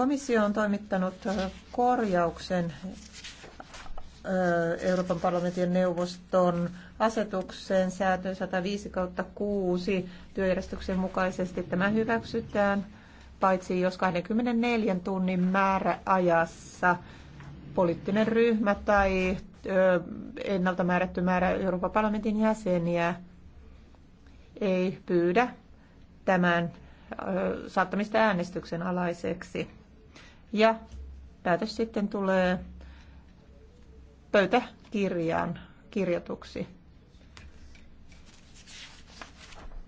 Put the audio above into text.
Komissio on toimittanut korjauksen Euroopan parlamentin neuvoston asetukseen säätö 105 6 työjärjestyksen mukaisesti. Tämä hyväksytään paitsi jos 24 tunnin määräajassa poliittinen ryhmä tai ennalta määrätty määrä Euroopan parlamentin jäseniä ei pyydä tämän saattamista äänestyksen alaiseksi. Ja päätös sitten tulee pöytäkirjaan kirjatuksi.